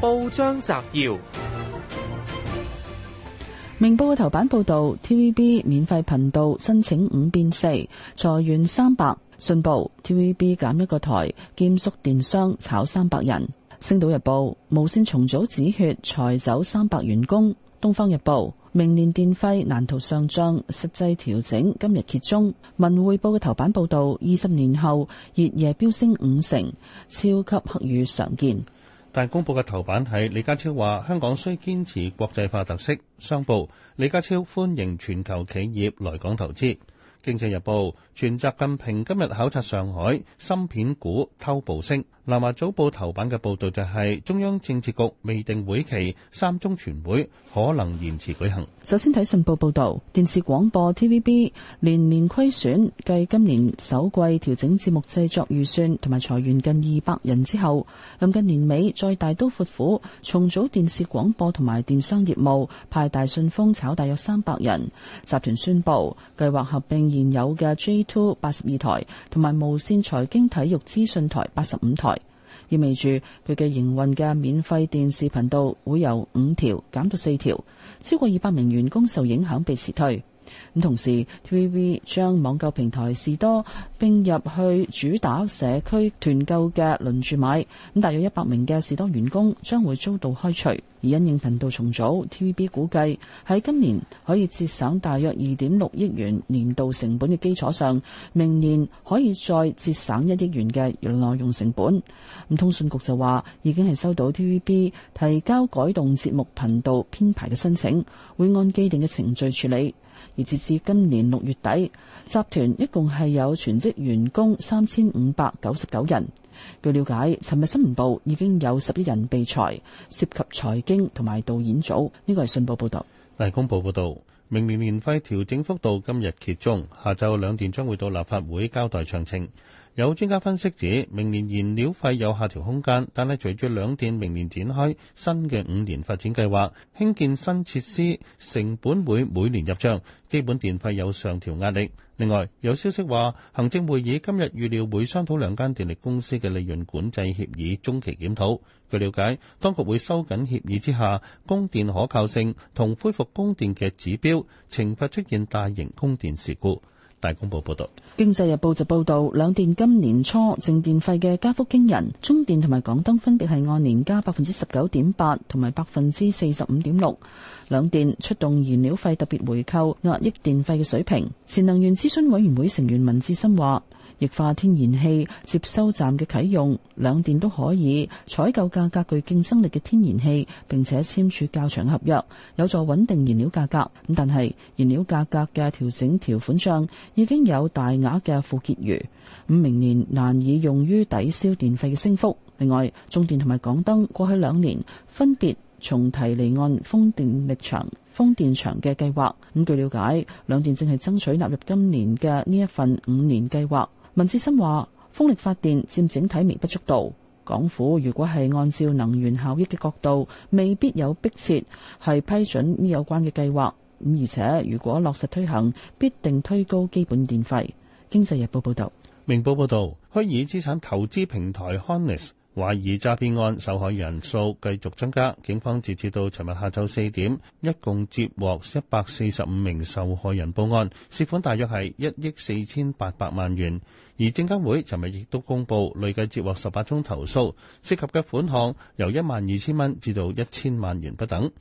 報章摘要：明報嘅頭版報道，TVB 免費頻道申請五變四，裁員三百；信報 TVB 減一個台，兼縮電商炒三百人。星島日報無線重組止血，裁走三百員工。東方日報明年電費難逃上漲，實際調整今日揭盅。文匯報嘅頭版報道：二十年後，熱夜飆升五成，超級黑雨常見。但公布嘅頭版係李家超話香港需堅持國際化特色。商報，李家超歡迎全球企業來港投資。經濟日報，全習近平今日考察上海，芯片股偷步升。南華早報頭版嘅報道就係中央政治局未定會期，三中全會可能延遲舉行。首先睇信報報道，電視廣播 TVB 年年虧損，繼今年首季調整節目製作預算同埋裁員近二百人之後，臨近年尾再大刀闊斧重組電視廣播同埋電商業務，派大信封炒大約三百人。集團宣布計劃合併現有嘅 G Two 八十二台，同埋無線財經體育資訊台八十五台。意味住佢嘅營運嘅免費電視頻道會由五條減到四條，超過二百名員工受影響被辭退。咁同時，TVB 將網購平台士多並入去主打社區團購嘅輪住買。咁，大約一百名嘅士多員工將會遭到開除。而因應頻道重組，TVB 估計喺今年可以節省大約二點六億元年度成本嘅基礎上，明年可以再節省一億元嘅內容成本。咁，通訊局就話已經係收到 TVB 提交改動節目頻道編排嘅申請，會按既定嘅程序處理。而截至今年六月底，集團一共係有全職員工三千五百九十九人。據了解，尋日新聞部已經有十一人被裁，涉及財經同埋導演組。呢個係信報報導，大公報報道，明年免費調整幅度今日揭盅，下晝兩點將會到立法會交代詳情。有專家分析指，明年燃料費有下調空間，但係隨住兩電明年展開新嘅五年發展計劃，興建新設施成本會每年入帳，基本電費有上調壓力。另外，有消息話，行政會議今日預料會商討兩間電力公司嘅利潤管制協議中期檢討。據了解，當局會收緊協議之下供電可靠性同恢復供電嘅指標，懲罰出現大型供電事故。大公報報道，《經濟日報》就報道，兩電今年初淨電費嘅加幅驚人，中電同埋港燈分別係按年加百分之十九點八同埋百分之四十五點六，兩電出動燃料費特別回扣壓抑電費嘅水平。前能源諮詢委員會成員文志深話。液化天然氣接收站嘅啟用，兩電都可以採購價格具競爭力嘅天然氣，並且簽署較長合約，有助穩定燃料價格。咁但係燃料價格嘅調整條款上已經有大額嘅負結餘，咁明年難以用於抵消電費嘅升幅。另外，中電同埋港燈過去兩年分別重提離岸風電力場風電場嘅計劃，咁據了解，兩電正係爭取納入今年嘅呢一份五年計劃。文志深話：風力發電佔整體微不足道，港府如果係按照能源效益嘅角度，未必有迫切係批准呢有關嘅計劃。咁而且如果落實推行，必定推高基本電費。經濟日報報道：明報報道，虛擬資產投資平台 Harness。懷疑詐騙案受害人數繼續增加，警方截至到尋日下晝四點，一共接獲一百四十五名受害人報案，涉款大約係一億四千八百萬元。而證監會尋日亦都公佈累計接獲十八宗投訴，涉及嘅款項由一萬二千蚊至到一千萬元不等。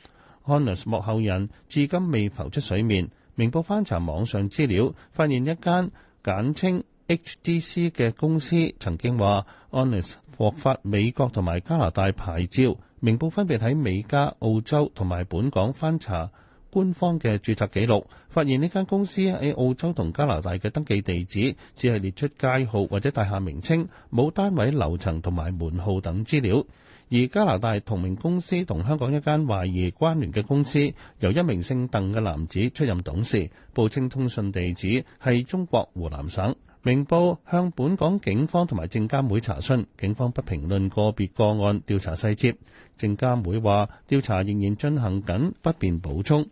HOUNAX 幕後人至今未浮出水面。明報翻查網上資料，發現一間簡稱。HDC 嘅公司曾經話，Honest 獲發美國同埋加拿大牌照。明報分別喺美加、澳洲同埋本港翻查官方嘅註冊記錄，發現呢間公司喺澳洲同加拿大嘅登記地址只係列出街號或者大廈名稱，冇單位樓層同埋門號等資料。而加拿大同名公司同香港一間懷疑關聯嘅公司，由一名姓鄧嘅男子出任董事，報稱通訊地址係中國湖南省。明報向本港警方同埋證監會查詢，警方不評論個別個案調查細節。證監會話調查仍然進行緊，不便補充。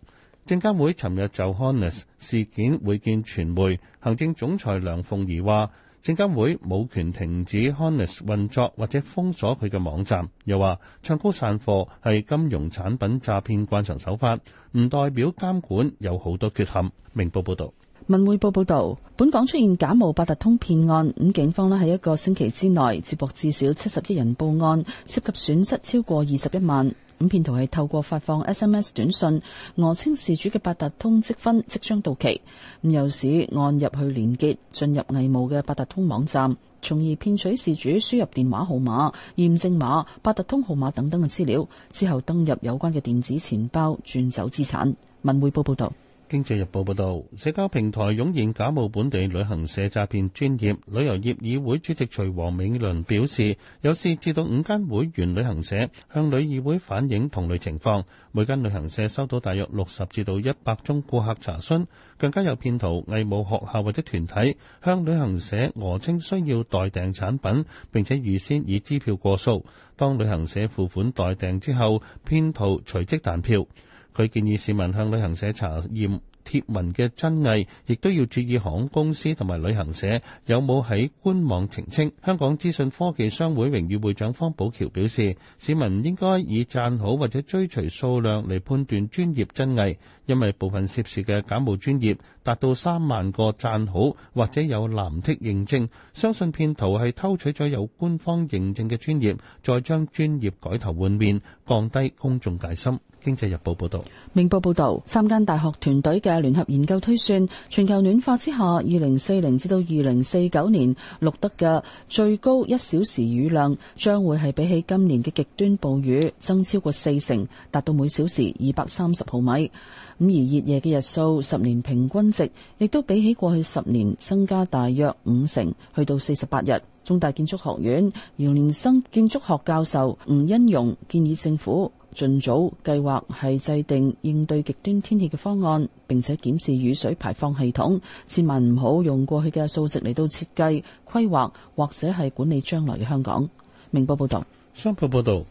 證監會尋日就 Honest 事件會見傳媒，行政總裁梁鳳儀話證監會冇權停止 Honest 運作或者封鎖佢嘅網站。又話唱高散貨係金融產品詐騙慣常手法，唔代表監管有好多缺陷。明報報道。文匯報報道，本港出現假冒八達通騙案，咁警方咧喺一個星期之內接獲至少七十一人報案，涉及損失超過二十一萬。咁騙徒係透過發放 SMS 短信，訛稱事主嘅八達通積分即將到期，咁誘使按入去連結進入偽冒嘅八達通網站，從而騙取事主輸入電話號碼、驗證碼、八達通號碼等等嘅資料，之後登入有關嘅電子錢包轉走資產。文匯報報道。《經濟日報》報導，社交平台湧現假冒本地旅行社詐騙專業旅遊業議會主席徐王美倫表示，有四至到五間會員旅行社向旅議會反映同類情況，每間旅行社收到大約六十至到一百宗顧客查詢，更加有騙徒偽冒學校或者團體向旅行社訛稱需要代訂產品，並且預先以支票過數，當旅行社付款代訂之後，騙徒隨即彈票。佢建議市民向旅行社查驗貼文嘅真偽，亦都要注意航空公司同埋旅行社有冇喺官網澄清。香港資訊科技商會榮譽會長方寶橋表示，市民唔應該以讚好或者追隨數量嚟判斷專業真偽，因為部分涉事嘅假冒專業達到三萬個讚好或者有藍剔認證，相信騙徒係偷取咗有官方認證嘅專業，再將專業改頭換面，降低公眾戒心。《經濟日報》報道，《明報》報導，三間大學團隊嘅聯合研究推算，全球暖化之下，二零四零至到二零四九年錄得嘅最高一小時雨量，將會係比起今年嘅極端暴雨增超過四成，達到每小時二百三十毫米。咁而熱夜嘅日數，十年平均值亦都比起過去十年增加大約五成，去到四十八日。中大建築學院姚連生建築學教授吳恩融建議政府，盡早計劃係制定應對極端天氣嘅方案，並且檢視雨水排放系統。千萬唔好用過去嘅數值嚟到設計、規劃或者係管理將來嘅香港。明報報道，商報報道。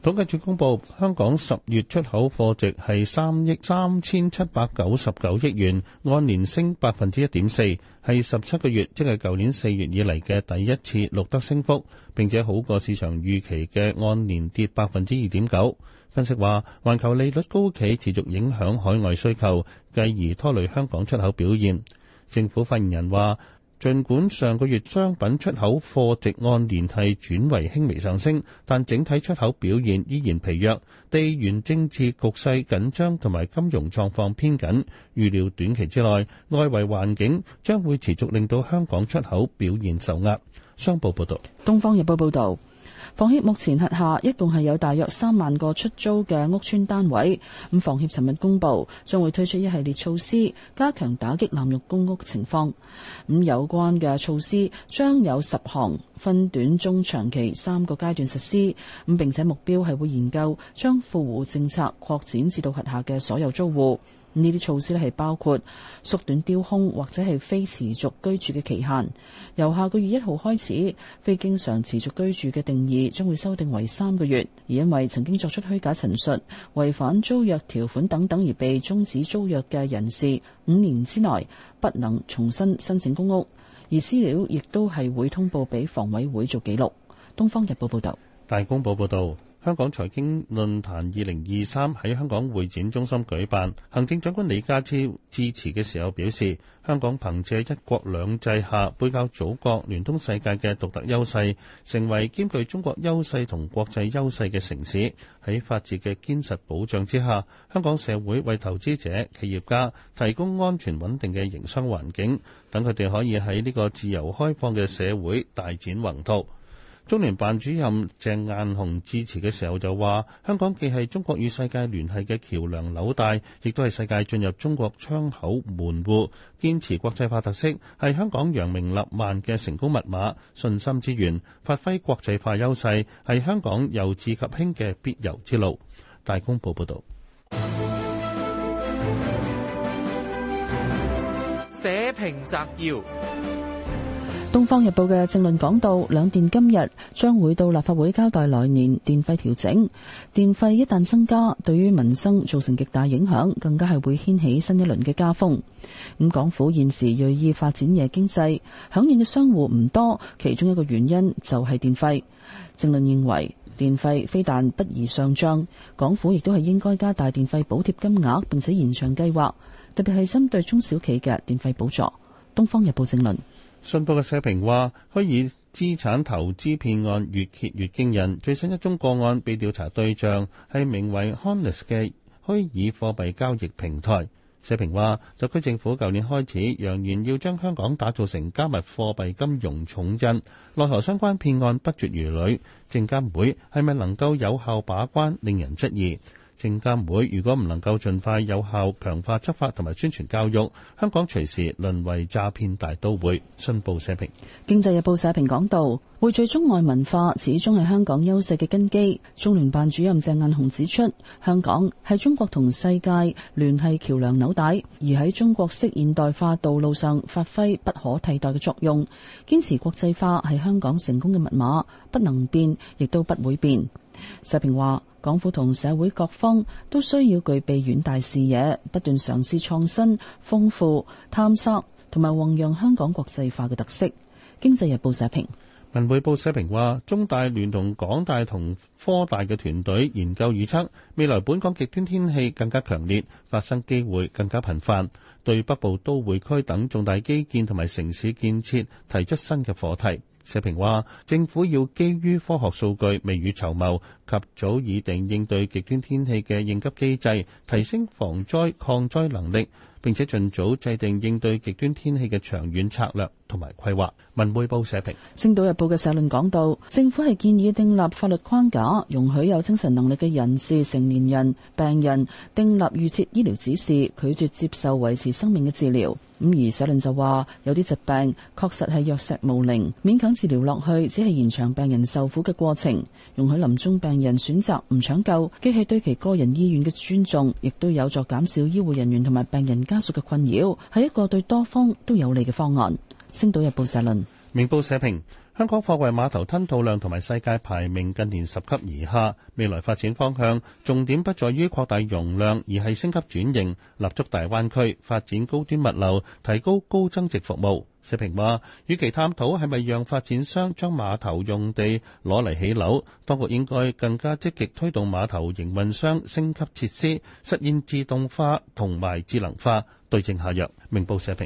統計處公布，香港十月出口貨值係三億三千七百九十九億元，按年升百分之一點四，係十七個月，即係舊年四月以嚟嘅第一次錄得升幅，並且好過市場預期嘅按年跌百分之二點九。分析話，環球利率高企持續影響海外需求，繼而拖累香港出口表現。政府發言人話。儘管上個月商品出口貨值按年係轉為輕微上升，但整體出口表現依然疲弱。地緣政治局勢緊張同埋金融狀況偏緊，預料短期之內，外圍環境將會持續令到香港出口表現受壓。商報報道，東方日報報道。房協目前轄下一共係有大約三萬個出租嘅屋邨單位，咁房協尋日公布將會推出一系列措施，加強打擊濫用公屋情況。咁有關嘅措施將有十項，分短、中、長期三個階段實施，咁並且目標係會研究將富戶政策擴展至到轄下嘅所有租戶。呢啲措施咧係包括縮短丟空或者係非持續居住嘅期限，由下個月一號開始，非經常持續居住嘅定義將會修訂為三個月。而因為曾經作出虛假陳述、違反租約條款等等而被終止租約嘅人士，五年之內不能重新申請公屋，而資料亦都係會通報俾房委會做記錄。《東方日報》報道，《大公報》報道。香港財經論壇2023喺香港會展中心舉辦，行政長官李家超致辭嘅時候表示，香港憑借一國兩制下背靠祖國、聯通世界嘅獨特優勢，成為兼具中國優勢同國際優勢嘅城市。喺法治嘅堅實保障之下，香港社會為投資者、企業家提供安全穩定嘅營商環境，等佢哋可以喺呢個自由開放嘅社會大展宏圖。中聯辦主任鄭雁雄致辭嘅時候就話：香港既係中國與世界聯繫嘅橋樑紐帶，亦都係世界進入中國窗口門戶。堅持國際化特色係香港揚名立萬嘅成功密碼、信心之源；發揮國際化優勢係香港由治及興嘅必由之路。大公報報道。社評摘要。《東方日報》嘅政論講到，兩電今日將會到立法會交代來年電費調整。電費一旦增加，對於民生造成極大影響，更加係會掀起新一輪嘅加風。咁港府現時銳意發展夜經濟，響應嘅商戶唔多，其中一個原因就係電費。政論認為，電費非但不宜上漲，港府亦都係應該加大電費補貼金額，並且延長計劃，特別係針對中小企嘅電費補助。《東方日報》政論。信報嘅社評話：虛擬資產投資騙案越揭越驚人。最新一宗個案被調查對象係名為 Honest 嘅虛擬貨幣交易平台。社評話：特區政府舊年開始揚言要將香港打造成加密貨幣金融重鎮，奈何相關騙案不絕如縷，證監會係咪能夠有效把關，令人質疑。證監會如果唔能夠盡快有效強化執法同埋宣傳教育，香港隨時淪為詐騙大都會。新報社評，《經濟日報》社評講道：匯聚中外文化，始終係香港優勢嘅根基。中聯辦主任鄭雁雄指出，香港係中國同世界聯繫橋梁紐帶，而喺中國式現代化道路上發揮不可替代嘅作用。堅持國際化係香港成功嘅密碼，不能變，亦都不會變。社評話，港府同社會各方都需要具備遠大視野，不斷嘗試創新、豐富、探索同埋弘揚香港國際化嘅特色。經濟日報社評，文匯報社評話，中大聯同港大同科大嘅團隊研究預測，未來本港極端天氣更加強烈，發生機會更加頻繁，對北部都會區等重大基建同埋城市建設提出新嘅課題。社評話：政府要基於科學數據，未雨綢繆，及早擬定應對極端天氣嘅應急機制，提升防災抗災能力。並且盡早制定應對極端天氣嘅長遠策略同埋規劃。文匯報社評，《星島日報》嘅社論講到，政府係建議訂立法律框架，容許有精神能力嘅人士、成年人、病人訂立預設醫療指示，拒絕接受維持生命嘅治療。咁而社論就話，有啲疾病確實係藥石無靈，勉強治療落去只係延長病人受苦嘅過程。容許臨終病人選擇唔搶救，既係對其個人意願嘅尊重，亦都有助減少醫護人員同埋病人。家屬嘅困擾，係一個對多方都有利嘅方案。星島日報社論。明報社評。香港貨櫃碼頭吞吐量同埋世界排名近年十級以下，未來發展方向重點不在於擴大容量，而係升級轉型，立足大灣區發展高端物流，提高高增值服務。社評話，與其探討係咪讓發展商將碼頭用地攞嚟起樓，當局應該更加積極推動碼頭營運商升級設施，實現自動化同埋智能化、對症下藥。明報社評。